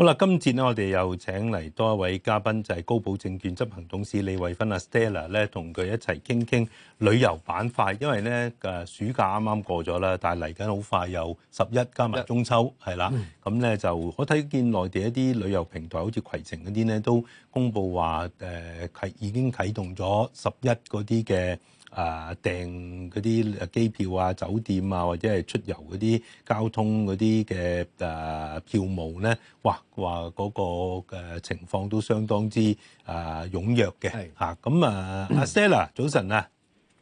好啦，今節咧，我哋又請嚟多一位嘉賓，就係、是、高寶證券執行董事李慧芬阿、mm. Stella 咧，同佢一齊傾傾旅遊板塊。因為咧，誒暑假啱啱過咗啦，但係嚟緊好快又十一加埋中秋，係啦、mm.，咁咧就可睇見內地一啲旅遊平台，好似攜程嗰啲咧，都公布話誒啟已經啟動咗十一嗰啲嘅。誒訂嗰啲機票啊、酒店啊，或者係出遊嗰啲交通嗰啲嘅誒票務咧，哇！話嗰、那個嘅、呃、情況都相當之誒踴躍嘅嚇。咁啊，阿 Sela 早晨啊，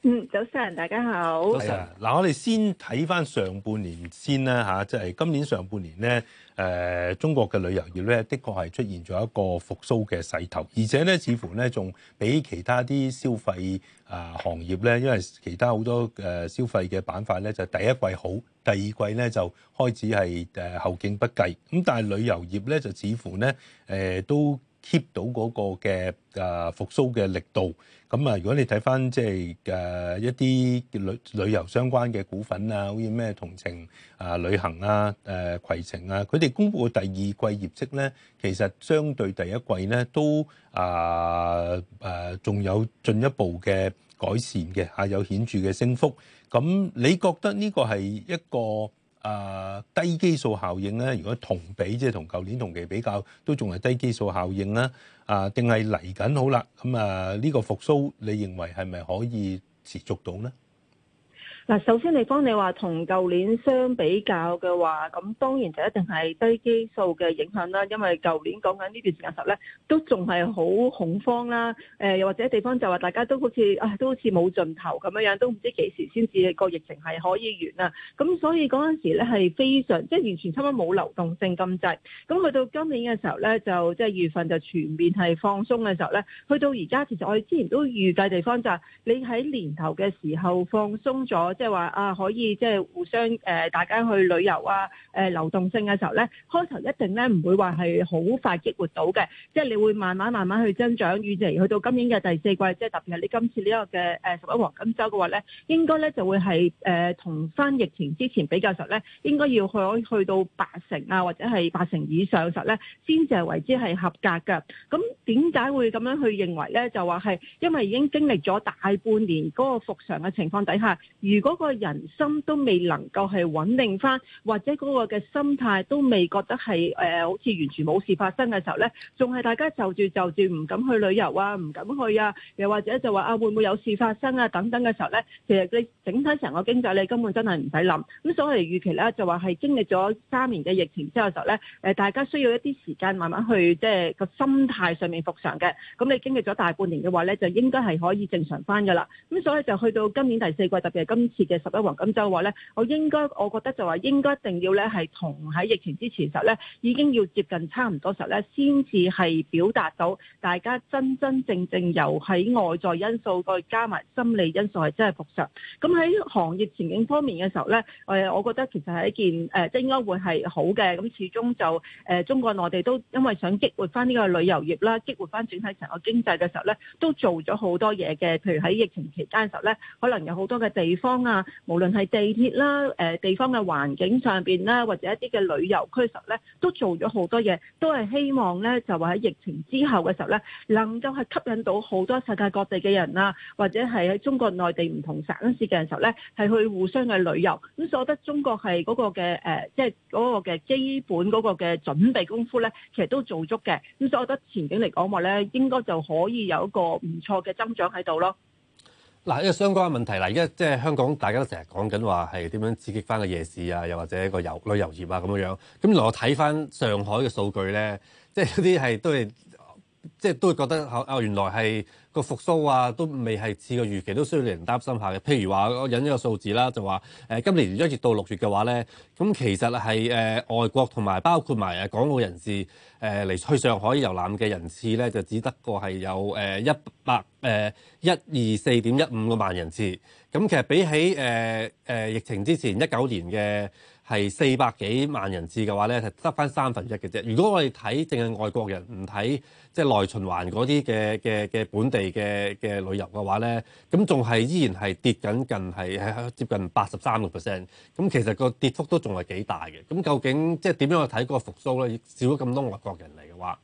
嗯，早晨大家好。早晨安嗱，我哋先睇返上半年先啦吓，即、啊、係、就是、今年上半年咧。誒、呃、中國嘅旅遊業咧，的確係出現咗一個復甦嘅勢頭，而且咧似乎咧仲比其他啲消費啊、呃、行業咧，因為其他好多誒、呃、消費嘅板塊咧，就第一季好，第二季咧就開始係誒、呃、後勁不繼，咁但係旅遊業咧就似乎咧誒、呃、都 keep 到嗰個嘅誒復甦嘅力度，咁啊如果你睇翻即係誒一啲旅旅遊相關嘅股份啊，好似咩同程啊、旅行啊、誒攜程啊，佢哋公布嘅第二季業績咧，其實相對第一季咧都啊誒仲有進一步嘅改善嘅嚇，有顯著嘅升幅。咁你覺得呢個係一個？啊、呃，低基數效應咧，如果同比，即係同舊年同期比較，都仲係低基數效應啦。啊、呃，定係嚟緊好啦。咁、嗯、啊，呢、呃這個復甦你認為係咪可以持續到咧？嗱，首先你方你話同舊年相比較嘅話，咁當然就一定係低基數嘅影響啦。因為舊年講緊呢段時間時候咧，都仲係好恐慌啦。誒、呃，又或者地方就話大家都好似啊、哎，都好似冇盡頭咁樣樣，都唔知幾時先至個疫情係可以完啦、啊。咁所以嗰陣時咧係非常，即係完全差唔多冇流動性咁滯。咁去到今年嘅時候咧，就即係月份就全面係放鬆嘅時候咧，去到而家其實我哋之前都預計地方就係你喺年頭嘅時候放鬆咗。即係話啊，可以即係互相誒、呃，大家去旅遊啊，誒、呃、流動性嘅時候咧，開頭一定咧唔會話係好快激活到嘅，即係你會慢慢慢慢去增長，預期去到今年嘅第四季，即係特別係你今次呢、這個嘅誒、呃、十一黃金周嘅話咧，應該咧就會係誒同翻疫情之前比較實咧，應該要去，去到八成啊，或者係八成以上實咧，先至係為之係合格㗎。咁點解會咁樣去認為咧？就話係因為已經經歷咗大半年嗰個復常嘅情況底下，如嗰個人心都未能夠係穩定翻，或者嗰個嘅心態都未覺得係誒、呃，好似完全冇事發生嘅時候咧，仲係大家就住就住唔敢去旅遊啊，唔敢去啊，又或者就話啊會唔會有事發生啊等等嘅時候咧，其實你整體成個經濟你根本真係唔使諗。咁所以預期咧就話係經歷咗三年嘅疫情之後嘅時候咧，誒、呃、大家需要一啲時間慢慢去即係個心態上面復常嘅。咁你經歷咗大半年嘅話咧，就應該係可以正常翻㗎喇。咁所以就去到今年第四季，特別係今嘅十一黃金周，咁就話咧，我應該，我覺得就話應該一定要咧，係同喺疫情之前時候咧，已經要接近差唔多時候咧，先至係表達到大家真真正正由喺外在因素再加埋心理因素係真係複常。咁喺行業前景方面嘅時候咧，誒，我覺得其實係一件誒，即、呃、係應該會係好嘅。咁始終就誒、呃，中國內地都因為想激活翻呢個旅遊業啦，激活翻整體成個經濟嘅時候咧，都做咗好多嘢嘅。譬如喺疫情期間嘅時候咧，可能有好多嘅地方。啊，無論係地鐵啦，誒、呃、地方嘅環境上邊啦，或者一啲嘅旅遊區實咧，都做咗好多嘢，都係希望咧就話喺疫情之後嘅時候咧，能夠係吸引到好多世界各地嘅人啦、啊，或者係喺中國內地唔同省市嘅時候咧，係去互相嘅旅遊。咁所以我覺得中國係嗰個嘅誒，即係嗰個嘅基本嗰個嘅準備功夫咧，其實都做足嘅。咁所以我覺得前景嚟講話咧，應該就可以有一個唔錯嘅增長喺度咯。嗱，呢個相關嘅問題，嗱，而家即係香港大家都成日講緊話係點樣刺激翻個夜市啊，又或者個遊旅遊業啊咁樣，咁嚟我睇翻上海嘅數據咧，即係嗰啲係都係。即係都會覺得啊原來係個復甦啊，都未係似個預期，都需要人擔心下嘅。譬如話，我引一個數字啦，就話誒、呃、今年一月到六月嘅話咧，咁其實係誒、呃、外國同埋包括埋誒港澳人士誒嚟、呃、去上海遊覽嘅人次咧，就只得過係有誒一百誒一二四點一五個萬人次。咁、嗯、其實比起誒誒、呃呃、疫情之前一九年嘅。係四百幾萬人次嘅話咧，係得翻三分一嘅啫。如果我哋睇淨係外國人唔睇，即係內循環嗰啲嘅嘅嘅本地嘅嘅旅遊嘅話咧，咁仲係依然係跌緊近係係接近八十三個 percent。咁其實個跌幅都仲係幾大嘅。咁究竟即係點樣去睇嗰個復甦咧？少咗咁多外國人嚟嘅話。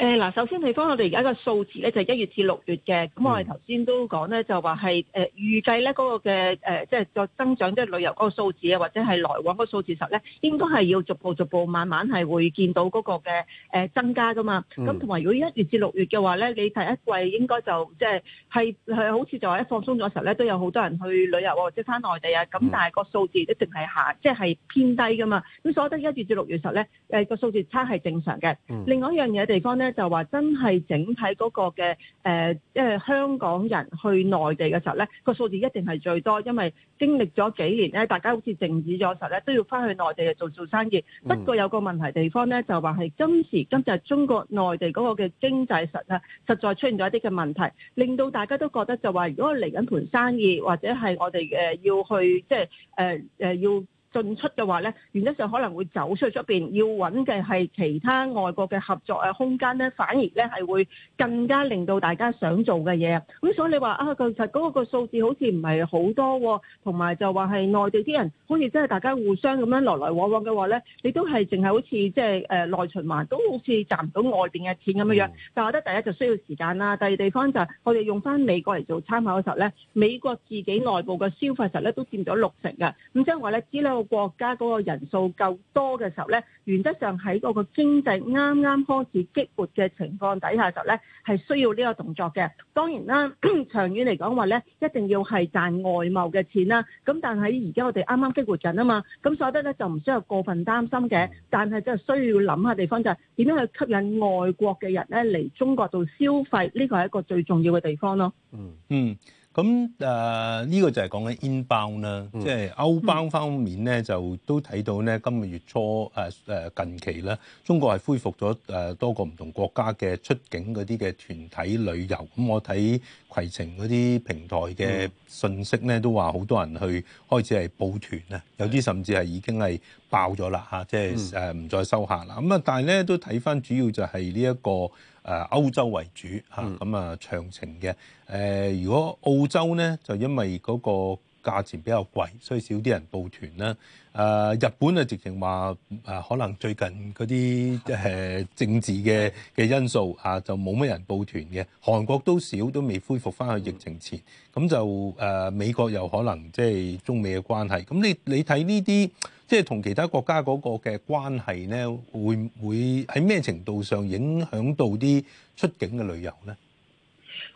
誒嗱，首先地方我哋而家個數字咧就係一月至六月嘅，咁、嗯、我哋頭先都講咧就話係誒預計咧嗰個嘅誒即係再增長即係旅遊嗰個數字啊，或者係來往嗰個數字時候咧，應該係要逐步逐步慢慢係會見到嗰個嘅誒增加噶嘛。咁同埋如果一月至六月嘅話咧，你第一季應該就即係係係好似就話一放鬆咗時候咧，都有好多人去旅遊或者翻內地啊。咁、嗯、但係個數字一定係下即係、係、偏低噶嘛。咁所以得一月至六月時候咧誒個數字差係正常嘅。嗯、另外一樣嘢地方咧。就話真係整體嗰個嘅誒，即、呃、係、呃、香港人去內地嘅時候咧，個數字一定係最多，因為經歷咗幾年咧，大家好似靜止咗實咧，都要翻去內地啊做做生意。嗯、不過有個問題地方咧，就話係今時今日中國內地嗰個嘅經濟實啊，實在出現咗一啲嘅問題，令到大家都覺得就話，如果嚟緊盤生意或者係我哋誒、呃、要去，即係誒誒要。進出嘅話咧，原則上可能會走出去出邊，要揾嘅係其他外國嘅合作啊空間咧，反而咧係會更加令到大家想做嘅嘢。咁所以你話啊，其實嗰個數字好似唔係好多，哦，同埋就話係內地啲人好似真係大家互相咁樣來來往往嘅話咧，你都係淨係好似即係誒內循環，都好似賺唔到外邊嘅錢咁樣樣。嗯、但我覺得第一就需要時間啦，第二地方就係我哋用翻美國嚟做參考嘅時候咧，美國自己內部嘅消費實力都佔咗六成嘅，咁即係話咧知道。國家嗰個人數夠多嘅時候呢，原則上喺嗰個經濟啱啱開始激活嘅情況底下嘅時候咧，係需要呢個動作嘅。當然啦，長遠嚟講話呢，一定要係賺外貿嘅錢啦。咁但係而家我哋啱啱激活緊啊嘛，咁所以咧就唔需要過分擔心嘅。但係真係需要諗下地方、就是，就係點樣去吸引外國嘅人呢嚟中國度消費，呢個係一個最重要嘅地方咯、嗯。嗯嗯。咁誒呢個就係講緊 inbound 啦，嗯，即係 outbound 方面咧，就都睇到咧，今個月初誒誒、呃、近期啦，中國係恢復咗誒多個唔同國家嘅出境嗰啲嘅團體旅遊。咁我睇攜程嗰啲平台嘅信息咧，都話好多人去開始係報團啦，有啲甚至係已經係爆咗啦嚇，即係誒唔再收客啦。咁啊，但係咧都睇翻主要就係呢一個。誒歐洲為主嚇，咁啊長程嘅誒，如果澳洲咧就因為嗰個價錢比較貴，所以少啲人報團啦。誒、啊、日本啊，直情話誒可能最近嗰啲誒政治嘅嘅因素嚇、啊，就冇乜人報團嘅。韓國都少，都未恢復翻去疫情前，咁就誒、啊、美國又可能即係中美嘅關係。咁你你睇呢啲？即係同其他國家嗰個嘅關係呢，會唔會喺咩程度上影響到啲出境嘅旅遊呢？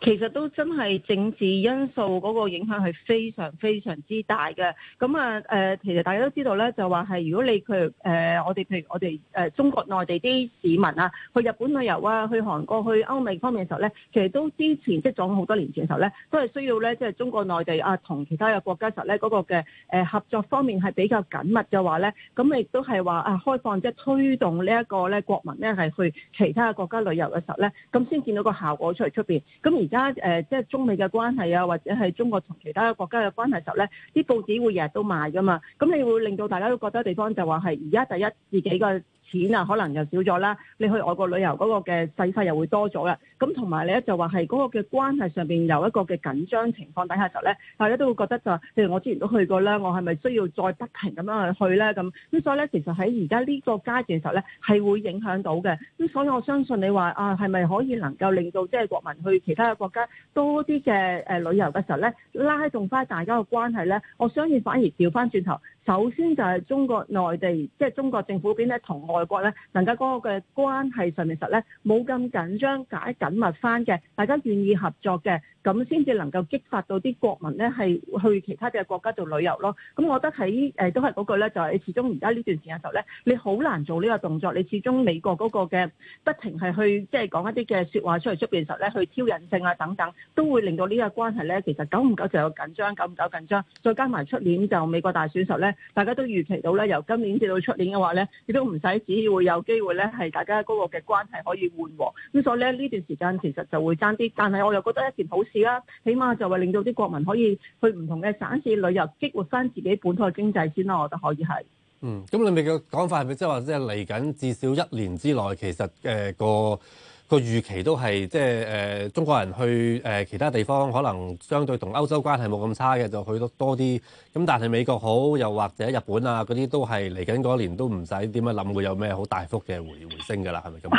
其實都真係政治因素嗰個影響係非常非常之大嘅。咁啊誒，其實大家都知道咧，就話係如果你譬如誒，我哋譬如我哋誒、呃、中國內地啲市民啊，去日本旅遊啊，去韓國、去歐美方面嘅時候咧，其實都之前即係早好多年前嘅時候咧，都係需要咧即係中國內地啊同其他嘅國家時候咧嗰個嘅誒合作方面係比較緊密嘅話咧，咁亦都係話啊開放即係、就是、推動呢一個咧國民咧係去其他嘅國家旅遊嘅時候咧，咁先見到個效果出嚟出邊。咁而家誒，即係中美嘅關係啊，或者係中國同其他國家嘅關係時候咧，啲報紙會日日都賣㗎嘛，咁你會令到大家都覺得地方就話係而家第一自己嘅。錢啊，可能又少咗啦。你去外國旅遊嗰個嘅使費又會多咗啦。咁同埋咧，就話係嗰個嘅關係上邊有一個嘅緊張情況底下時候咧，大家都會覺得就，譬如我之前都去過啦，我係咪需要再不停咁樣去去咧咁？咁所以咧，其實喺而家呢個階段時候咧，係會影響到嘅。咁所以我相信你話啊，係咪可以能夠令到即係國民去其他嘅國家多啲嘅誒旅遊嘅時候咧，拉動翻大家嘅關係咧？我相信反而調翻轉頭。首先就係中國內地，即係中國政府邊咧，同外國咧能夠嗰個嘅關係上面實咧冇咁緊張，解緊密翻嘅，大家願意合作嘅，咁先至能夠激發到啲國民咧，係去其他嘅國家做旅遊咯。咁我覺得喺誒、呃、都係嗰句咧，就係、你、始終而家呢段時間時候咧，你好難做呢個動作。你始終美國嗰個嘅不停係去即係、就是、講一啲嘅説話出嚟出邊時候咧，去挑釁性啊等等，都會令到呢個關係咧，其實久唔久就有緊張，久唔久緊張。再加埋出年就美國大選時候咧，大家都預期到咧，由今年至到出年嘅話咧，亦都唔使只會有機會咧，係大家嗰個嘅關係可以緩和。咁所以咧，呢段時間其實就會爭啲，但係我又覺得一件好事。而家起碼就會令到啲國民可以去唔同嘅省市旅遊，激活翻自己本土嘅經濟先啦。我覺得可以係。嗯，咁你咪嘅講法係咪即係話即係嚟緊至少一年之內，其實誒、呃、個。個預期都係即係誒，中國人去誒、呃、其他地方，可能相對同歐洲關係冇咁差嘅，就去得多啲。咁但係美國好，又或者日本啊嗰啲都係嚟緊嗰年都唔使點樣諗會有咩好大幅嘅回回升㗎啦，係咪咁？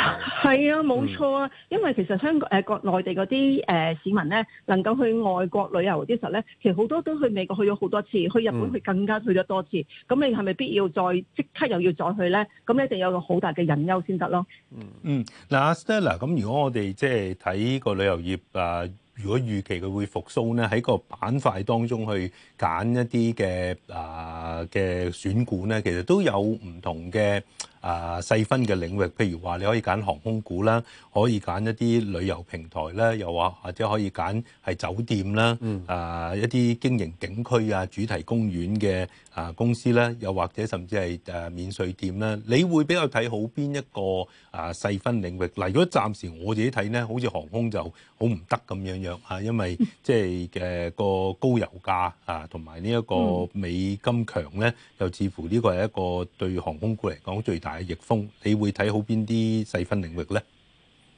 係啊，冇錯啊，嗯、因為其實香港、呃、國內地嗰啲誒市民咧，能夠去外國旅遊啲時候咧，其實好多都去美國去咗好多次，去日本去更加去咗多次。咁、嗯、你係咪必要再即刻又要再去咧？咁你一定有一個好大嘅隱憂先得咯。嗯嗯，嗱、啊、s、啊啊咁如果我哋即係睇個旅遊業啊，如果預期佢會復甦咧，喺個板塊當中去揀一啲嘅啊嘅選股咧，其實都有唔同嘅。啊，細分嘅領域，譬如話你可以揀航空股啦，可以揀一啲旅遊平台啦，又或或者可以揀係酒店啦，嗯、啊一啲經營景區啊、主題公園嘅啊公司啦，又、啊、或者甚至係誒免稅店啦，你會比較睇好邊一個啊細分領域？嗱、啊，如果暫時我自己睇呢，好似航空就好唔得咁樣樣嚇、啊，因為即係個高油價啊，同埋呢一個美金強呢，又似乎呢個係一個對航空股嚟講最大。係逆風，你會睇好邊啲細分領域呢？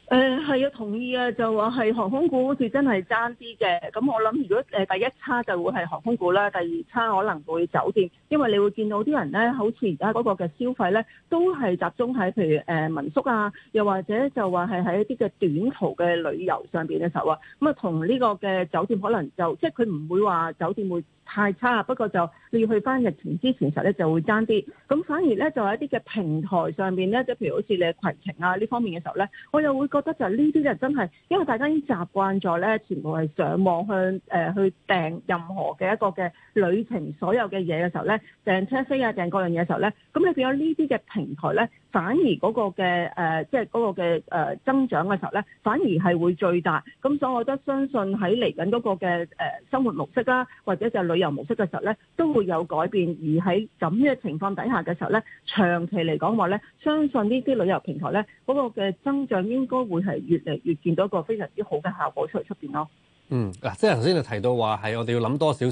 誒係、呃、啊，同意啊，就話係航空股好似真係爭啲嘅。咁我諗如果誒第一差就會係航空股啦，第二差可能會酒店，因為你會見到啲人呢，好似而家嗰個嘅消費呢，都係集中喺譬如誒民宿啊，又或者就話係喺一啲嘅短途嘅旅遊上邊嘅時候啊。咁啊，同呢個嘅酒店可能就即係佢唔會話酒店會。太差，不過就你要去翻疫情之前時候咧就會爭啲，咁反而咧就係一啲嘅平台上邊咧，即係譬如好似你嘅攜程啊，呢方面嘅時候咧，我又會覺得就係呢啲就真係，因為大家已經習慣咗咧，全部係上網向誒、呃、去訂任何嘅一個嘅旅程所有嘅嘢嘅時候咧，訂車飛啊，訂各樣嘢嘅時候咧，咁你變咗呢啲嘅平台咧，反而嗰個嘅誒即係嗰個嘅誒增長嘅時候咧，反而係會最大，咁所以我覺得相信喺嚟緊嗰個嘅誒生活模式啦、啊，或者就旅。旅遊模式嘅時候咧，都會有改變。而喺咁嘅情況底下嘅時候咧，長期嚟講話咧，相信呢啲旅遊平台咧，嗰個嘅增長應該會係越嚟越見到一個非常之好嘅效果出嚟出邊咯。嗯、嗱、啊，即係頭先就提到話係我哋要諗多少少，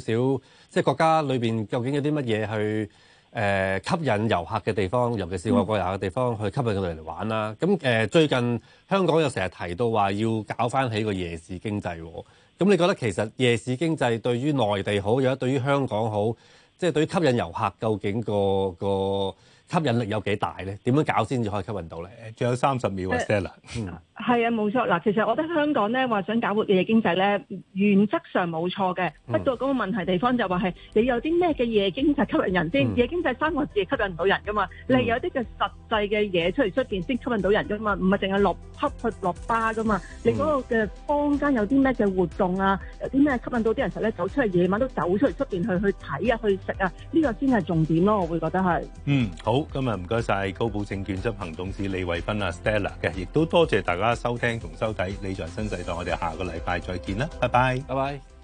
即係國家裏邊究竟有啲乜嘢去。誒、呃、吸引遊客嘅地方，尤其是外國遊客嘅地方，嗯、去吸引佢哋嚟玩啦、啊。咁、嗯、誒、呃、最近香港又成日提到話要搞翻起個夜市經濟、哦，咁、嗯、你覺得其實夜市經濟對於內地好，有對於香港好，即、就、係、是、對於吸引遊客，究竟個個吸引力有幾大咧？點樣搞先至可以吸引到咧？仲有三十秒，啊 Sir 啦。係、嗯、啊，冇錯。嗱，其實我覺得香港咧話想搞活嘅夜經濟咧，原則上冇錯嘅。嗯、不過嗰個問題地方就話係你有啲咩嘅夜經濟吸引人先？嗯、夜經濟三個字吸引唔到人噶嘛。嗯、你有啲嘅實際嘅嘢出嚟出邊先吸引到人噶嘛？唔係淨係落黑去落巴噶嘛？嗯、你嗰個嘅坊間有啲咩嘅活動啊？有啲咩吸引到啲人實咧走出嚟夜晚都走出嚟出面去去睇啊，去食啊？呢、這個先係重點咯、啊，我會覺得係。嗯，好。好，今日唔該晒高寶證券執行董事李慧芬啊，Stella 嘅，亦都多謝大家收聽同收睇理財新世代，我哋下個禮拜再見啦，拜拜，拜拜。